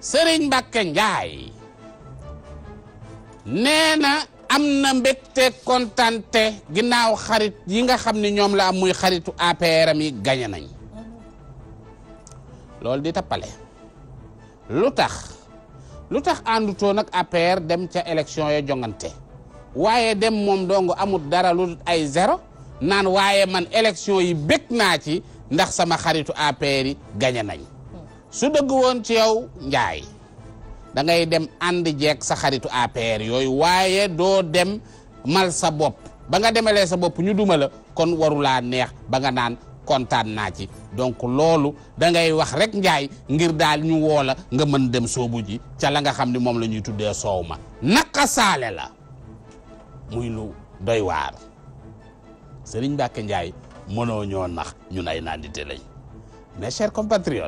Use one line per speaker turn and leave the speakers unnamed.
sëriñ Mbàkke Njaay nee na am na mbégte kontante ginnaaw xarit yi nga xam ni ñoom la am muy xaritu APR yi gañe nañ loolu di tappale lu tax lu tax àndutoon ak APR dem ca élection ya jongante waaye dem moom dong amul dara lu ay zéro naan waaye man élection yi bég naa ci ndax sama xaritu APR yi gañe nañ su dëgg woon ci yow njaay da ngay dem ànd jeeg sa xaritu APR yooyu waaye doo dem mal sa bopp ba nga demalee sa bopp ñu duma la kon warulaa neex ba nga naan kontaan naa ci donc loolu da ngay wax rek njaay ngir daal ñu woo la nga mën dem soobu ji ca la nga xam ni moom la ñuy tuddee soow ma naqa saale la muy lu doy waar Serigne Mbacke njaay
mënoo ñoo nax ñun ay nandite lañ mes chers compatriotes